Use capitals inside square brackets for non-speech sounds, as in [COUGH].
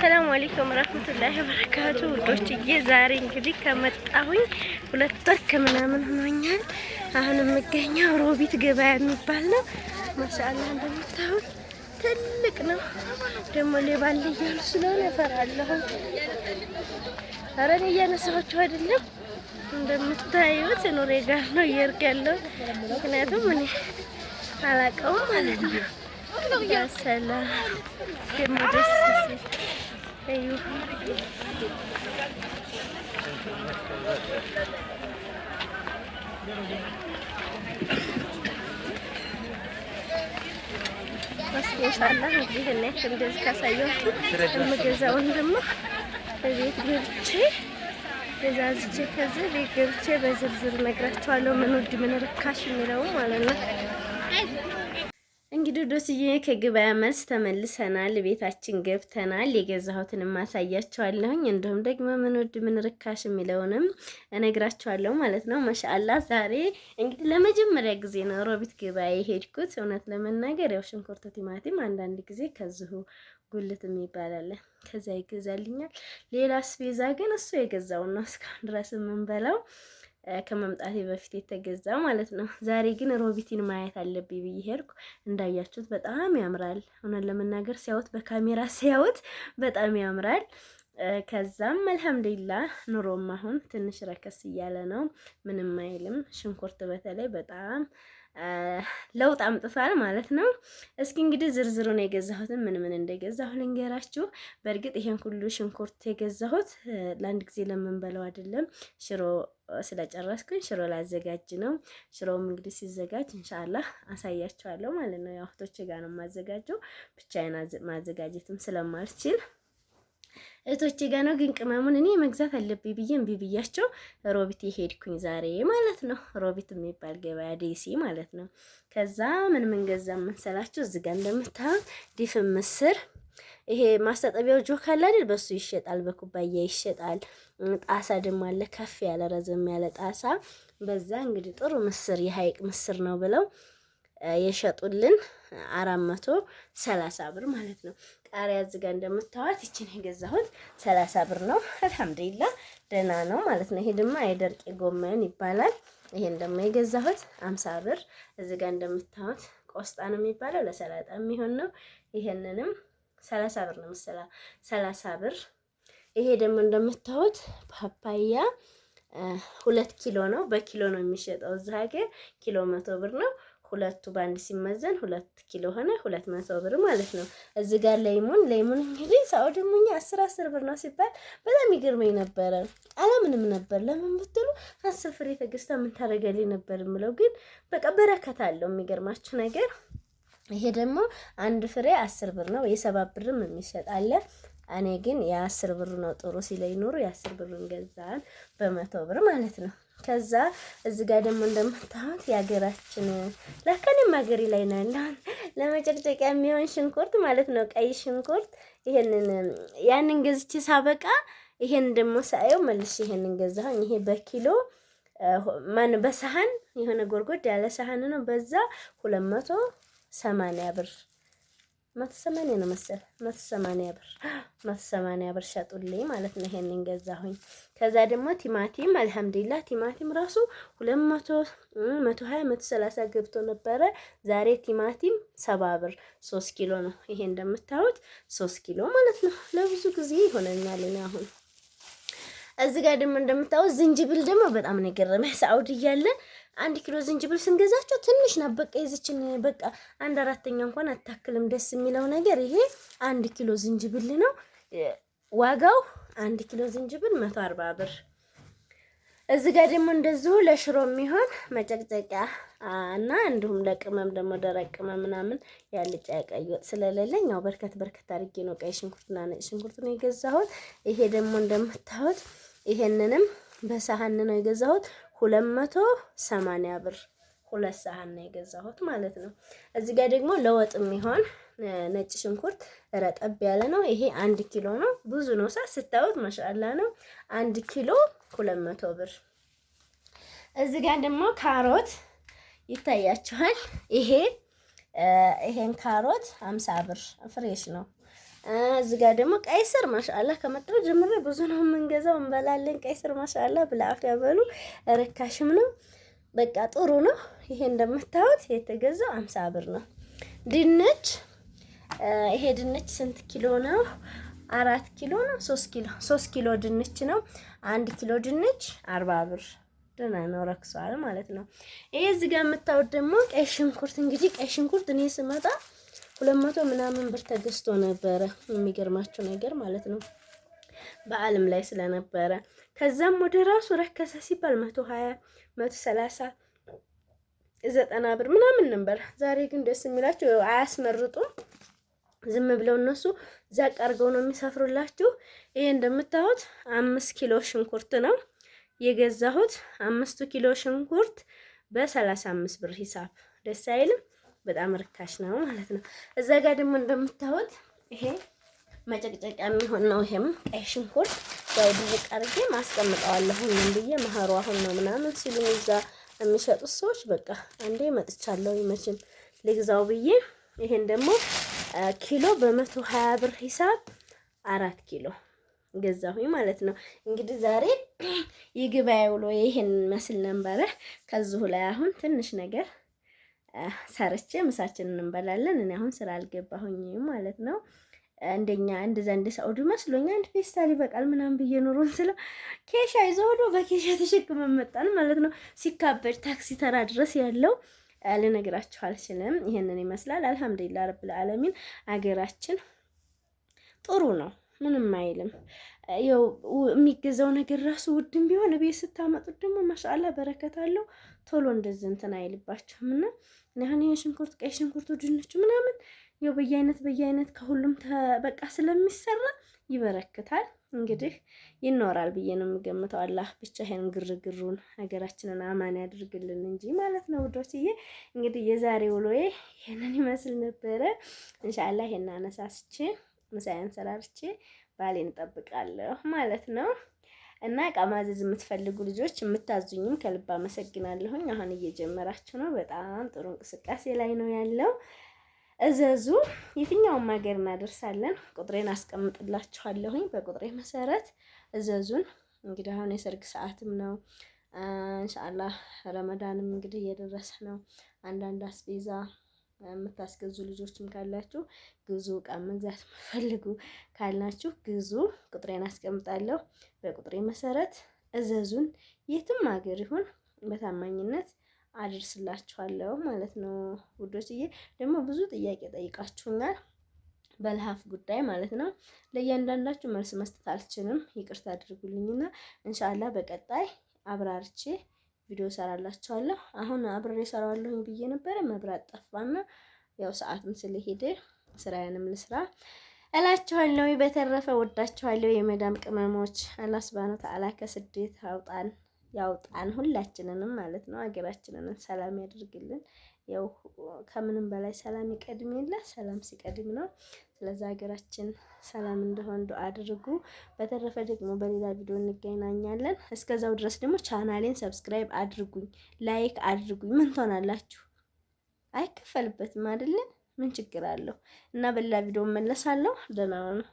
ሰላም አለይኩም ረህመቱላሂ ወበረካቱ ውዶችዬ፣ ዛሬ እንግዲህ ከመጣሁኝ ሁለት ወር ከምናምን ሆኖኛል። አሁን የምገኘው ሮቢት ገበያ የሚባል ነው። ማሻአላህ እንደምታዩት ትልቅ ነው። ደግሞ ሌባ አለ እያሉ ስለሆነ እፈራለሁ። ኧረ እኔ እያነሳኋቸው አይደለም። እንደምታዩት ኑሬ ጋር ነው እየሄድኩ ያለው፣ ምክንያቱም እኔ አላውቀውም ማለት ነው በሰላም ደግሞ ደስ ሲል እዩ። ማስጌሻላ ይህን እንደዚህ ካሳየኋችሁ የምገዛውን ደግሞ በቤት ገብቼ ገዛዝቼ ከዚህ ቤት ገብቼ በዝርዝር እነግራችኋለሁ ምን ውድ ምን ርካሽ የሚለው ማለት ነው። እንግዲህ ዶስዬ ከገበያ መልስ ተመልሰናል። ቤታችን ገብተናል። የገዛሁትን ማሳያቸዋለሁኝ እንዲሁም ደግሞ ምን ውድ ምን ርካሽ የሚለውንም እነግራቸዋለሁ ማለት ነው። ማሻአላ ዛሬ እንግዲህ ለመጀመሪያ ጊዜ ነው ሮቢት ገበያ የሄድኩት። እውነት ለመናገር ያው ሽንኩርት፣ ቲማቲም አንዳንድ ጊዜ ከዚሁ ጉልት የሚባላለን ከዛ ይገዛልኛል። ሌላ አስቤዛ ግን እሱ የገዛውን ነው እስካሁን ድረስ የምንበላው ከመምጣቴ በፊት የተገዛ ማለት ነው። ዛሬ ግን ሮቢቲን ማየት አለብኝ ብዬ ሄድኩ። እንዳያችሁት በጣም ያምራል። እውነት ለመናገር ሲያዩት፣ በካሜራ ሲያዩት በጣም ያምራል። ከዛም አልሐምዱሊላ ኑሮም አሁን ትንሽ ረከስ እያለ ነው። ምንም አይልም። ሽንኩርት በተለይ በጣም ለውጥ አምጥቷል ማለት ነው። እስኪ እንግዲህ ዝርዝሩን የገዛሁትን ምን ምን እንደገዛሁ ልንገራችሁ። በእርግጥ ይሄን ሁሉ ሽንኩርት የገዛሁት ለአንድ ጊዜ ለምንበለው አይደለም። ሽሮ ስለጨረስኩኝ ሽሮ ላዘጋጅ ነው። ሽሮውም እንግዲህ ሲዘጋጅ ኢንሻአላህ አሳያችኋለሁ ማለት ነው። ያው እህቶቼ ጋር ነው የማዘጋጀው፣ ብቻዬን ማዘጋጀትም ስለማልችል እህቶቼ ጋ ነው። ግን ቅመሙን እኔ መግዛት አለብኝ ብዬ እምቢ ብያቸው ሮቢት የሄድኩኝ ዛሬ ማለት ነው። ሮቢት የሚባል ገበያ ዴሲ ማለት ነው። ከዛ ምን ምን ገዛ የምንሰላችሁ እዚህ ጋ እንደምታዩት ምስር ይሄ ማስታጠቢያው ጆ አለ አይደል? በሱ ይሸጣል፣ በኩባያ ይሸጣል። ጣሳ ደግሞ አለ፣ ከፍ ያለ ረዘም ያለ ጣሳ። በዛ እንግዲህ ጥሩ ምስር የሀይቅ ምስር ነው ብለው የሸጡልን አራት መቶ ሰላሳ ብር ማለት ነው። ቃሪያ እዚህ ጋ እንደምታዋት ይችን የገዛሁት ሰላሳ ብር ነው። አልሐምዱሊላ ደህና ነው ማለት ነው። ይሄ ድማ የደርቄ ጎመን ይባላል። ይሄን ደግሞ የገዛሁት አምሳ ብር። እዚህ ጋ እንደምታዩት ቆስጣ ነው የሚባለው ለሰላጣ የሚሆን ነው። ይሄንንም ሰላሳ ብር ነው ምስላ ሰላሳ ብር። ይሄ ደግሞ እንደምታዩት ፓፓያ ሁለት ኪሎ ነው። በኪሎ ነው የሚሸጠው እዚህ ሀገር ኪሎ መቶ ብር ነው። ሁለቱ በአንድ ሲመዘን ሁለት ኪሎ ሆነ። ሁለት መቶ ብር ማለት ነው። እዚህ ጋር ለይሙን ለይሙን እንግዲህ ሰው ደግሞ አስር አስር ብር ነው ሲባል በጣም ይገርመኝ ነበረ። አላምንም ነበር ለምን ብትሉ አስር ፍሬ ተገዝታ ምን ታደርገልኝ ነበር የምለው ግን በቃ በረከት አለው የሚገርማችሁ ነገር ይሄ ደግሞ አንድ ፍሬ አስር ብር ነው። የሰባ ብርም የሚሸጥ አለ። እኔ ግን የአስር ብር ነው ጥሩ ሲለኝ ኑሮ የአስር ብርን ገዛን በመቶ ብር ማለት ነው። ከዛ እዚ ጋር ደግሞ እንደምታዩት የሀገራችን ለከኔም ማገሪ ላይ ናለን ለመጨቅጨቂያ የሚሆን ሽንኩርት ማለት ነው፣ ቀይ ሽንኩርት ይሄንን ያንን ገዝቼ ሳበቃ ይሄን ደግሞ ሳየው መልሼ ይሄንን ገዛሁኝ። ይሄ በኪሎ ማን በሰሃን የሆነ ጎርጎድ ያለ ሰሃን ነው። በዛ ሁለት መቶ ሰማንያ ብር መቶ ሰማንያ ነው መሰል መቶ ሰማንያ ብር መቶ ሰማንያ ብር ሸጡልኝ ማለት ነው። ይሄንን ገዛሁኝ። ከዛ ደግሞ ቲማቲም አልሐምዱሊላ ቲማቲም ራሱ ሁለት መቶ መቶ ሀያ መቶ ሰላሳ ገብቶ ነበረ። ዛሬ ቲማቲም ሰባ ብር ሶስት ኪሎ ነው። ይሄ እንደምታዩት ሶስት ኪሎ ማለት ነው። ለብዙ ጊዜ ይሆነኛል አሁን እዚ ጋር ደግሞ እንደምታዩት ዝንጅብል ደግሞ በጣም ነው የገረመኝ። ሳውዲ እያለ አንድ ኪሎ ዝንጅብል ስንገዛቸው ትንሽ ናት። በቃ የዚችን በቃ አንድ አራተኛ እንኳን አታክልም። ደስ የሚለው ነገር ይሄ አንድ ኪሎ ዝንጅብል ነው። ዋጋው አንድ ኪሎ ዝንጅብል መቶ አርባ ብር። እዚ ጋር ደግሞ እንደዚሁ ለሽሮ የሚሆን መጨቅጨቂያ እና እንዲሁም ለቅመም ደግሞ ደረቅ ቅመም ምናምን ያልጫ ቀይ ወጥ ስለሌለኝ ያው በርከት በርከት አድርጌ ነው ቀይ ሽንኩርትና ነጭ ሽንኩርት ነው የገዛሁት። ይሄ ደግሞ እንደምታዩት ይሄንንም በሰሃን ነው የገዛሁት 280 ብር ሁለት ሰሃን ነው የገዛሁት ማለት ነው። እዚህ ጋር ደግሞ ለወጥ የሚሆን ነጭ ሽንኩርት ረጠብ ያለ ነው። ይሄ አንድ ኪሎ ነው። ብዙ ነው ሳ ስታዩት ማሻአላ ነው። አንድ ኪሎ 200 ብር። እዚህ ጋር ደግሞ ካሮት ይታያችኋል። ይሄ ይሄን ካሮት 50 ብር ፍሬሽ ነው። እዚህ ጋር ደግሞ ቀይ ስር ማሻአላ ከመጣው ጀምሬ ብዙ ነው የምንገዛው፣ እንበላለን። ቀይ ስር ማሻአላ ብላፍ ያበሉ ርካሽም ነው፣ በቃ ጥሩ ነው። ይሄ እንደምታዩት የተገዛው አምሳ ብር ነው። ድንች ይሄ ድንች ስንት ኪሎ ነው? አራት ኪሎ ነው፣ ሶስት ኪሎ ሶስት ኪሎ ድንች ነው። አንድ ኪሎ ድንች አርባ ብር ደህና ነው፣ ረክሷል ማለት ነው። ይሄ እዚህ ጋር የምታዩት ደግሞ ቀይ ሽንኩርት እንግዲህ ቀይ ሽንኩርት እኔ ስመጣ ሁለት መቶ ምናምን ብር ተገዝቶ ነበረ። የሚገርማችሁ ነገር ማለት ነው በአለም ላይ ስለነበረ ከዛም ወደ ራሱ ረከሰ ሲባል መቶ ሀያ መቶ ሰላሳ ዘጠና ብር ምናምን ነበር። ዛሬ ግን ደስ የሚላችሁ አያስመርጡም። ዝም ብለው እነሱ ዛቅ አድርገው ነው የሚሰፍሩላችሁ። ይሄ እንደምታዩት አምስት ኪሎ ሽንኩርት ነው የገዛሁት። አምስቱ ኪሎ ሽንኩርት በሰላሳ አምስት ብር ሂሳብ ደስ አይልም? በጣም ርካሽ ነው ማለት ነው። እዛ ጋር ደግሞ እንደምታዩት ይሄ መጨቅጨቂያ የሚሆን ነው። ይሄም ቀይ ሽንኩርት ያው ድርቅ አድርጌ ማስቀምጠዋለሁ ብዬ መኸሩ አሁን ነው ምናምን ሲሉኝ እዛ የሚሸጡት ሰዎች በቃ አንዴ መጥቻለሁ ይመችም ልግዛው ብዬ ይሄን ደግሞ ኪሎ በመቶ ሀያ ብር ሂሳብ አራት ኪሎ ገዛሁኝ ማለት ነው። እንግዲህ ዛሬ [CLEARS THROAT] የገበያ ውሎ ይሄን መስል ነበረ። ከዚሁ ላይ አሁን ትንሽ ነገር ሰርቼ ምሳችንን እንበላለን። እኔ አሁን ስራ አልገባሁኝ ማለት ነው። እንደኛ አንድ ዘንድ ሳውዲ መስሎኛ አንድ ፌስታል ይበቃል ምናምን ብዬ ኑሮን ስለ ኬሻ ይዞ ሆዶ በኬሻ ተሸክመን መጣን ማለት ነው። ሲካበድ ታክሲ ተራ ድረስ ያለው ልነግራችሁ አልችልም። ይሄንን ይመስላል። አልሐምዱሊላህ ረብል ዓለሚን አገራችን ጥሩ ነው። ምንም አይልም። ያው የሚገዛው ነገር ራሱ ውድም ቢሆን ቤት ስታመጡት ደግሞ ማሻአላ በረከት አለው። ቶሎ እንደዚህ እንትን አይልባቸውም እና ያህን ሽንኩርት፣ ቀይ ሽንኩርቱ፣ ድንቹ ምናምን ያው በየአይነት በየአይነት ከሁሉም በቃ ስለሚሰራ ይበረክታል። እንግዲህ ይኖራል ብዬ ነው የምገምተው። አላህ ብቻ ይህን ግርግሩን ሀገራችንን አማን ያድርግልን እንጂ ማለት ነው ውዶችዬ። እንግዲህ የዛሬ ውሎዬ ይህንን ይመስል ነበረ። እንሻላ ይህን አነሳስቼ ምሳዬን ሰራርቼ ባሌን እጠብቃለሁ ማለት ነው። እና እቃ ማዘዝ የምትፈልጉ ልጆች የምታዙኝም ከልብ አመሰግናለሁኝ። አሁን እየጀመራችሁ ነው። በጣም ጥሩ እንቅስቃሴ ላይ ነው ያለው። እዘዙ፣ የትኛውም ሀገር እናደርሳለን። ቁጥሬን አስቀምጥላችኋለሁኝ። በቁጥሬ መሰረት እዘዙን። እንግዲህ አሁን የሰርግ ሰዓትም ነው ኢንሻአላህ። ረመዳንም እንግዲህ እየደረሰ ነው። አንዳንድ አስቤዛ የምታስገዙ ልጆችም ካላችሁ ግዙ። እቃ መግዛት የምፈልጉ ካልናችሁ ግዙ። ቁጥሬን አስቀምጣለሁ። በቁጥሬ መሰረት እዘዙን። የትም ሀገር ይሁን በታማኝነት አድርስላችኋለሁ ማለት ነው ውዶችዬ። ደግሞ ብዙ ጥያቄ ጠይቃችሁኛል በልሀፍ ጉዳይ ማለት ነው። ለእያንዳንዳችሁ መልስ መስጠት አልችልም፣ ይቅርታ አድርጉልኝና እንሻላ በቀጣይ አብራርቼ ቪዲዮ ሰራላችኋለሁ። አሁን አብሬ ሰራዋለሁኝ ብዬ ነበረ መብራት ጠፋና ያው ሰዓትም ስለሄደ ስራዬንም ልስራ እላችኋለሁ። በተረፈ ወዳችኋለሁ። የመዳም ቅመሞች አላህ ሱብሃነሁ ወተዓላ ከስደት አውጣን ያውጣን ሁላችንንም ማለት ነው። ሀገራችንን ሰላም ያድርግልን። ያው ከምንም በላይ ሰላም ይቀድምልን። ሰላም ሲቀድም ነው ስለዛ ሀገራችን ሰላም እንደሆን ዱአ አድርጉ። በተረፈ ደግሞ በሌላ ቪዲዮ እንገናኛለን። እስከዛው ድረስ ደግሞ ቻናሌን ሰብስክራይብ አድርጉኝ፣ ላይክ አድርጉኝ። ምን ትሆናላችሁ? አይከፈልበትም አይደለ? ምን ችግር አለው? እና በሌላ ቪዲዮ መለሳለሁ። ደህና ነው።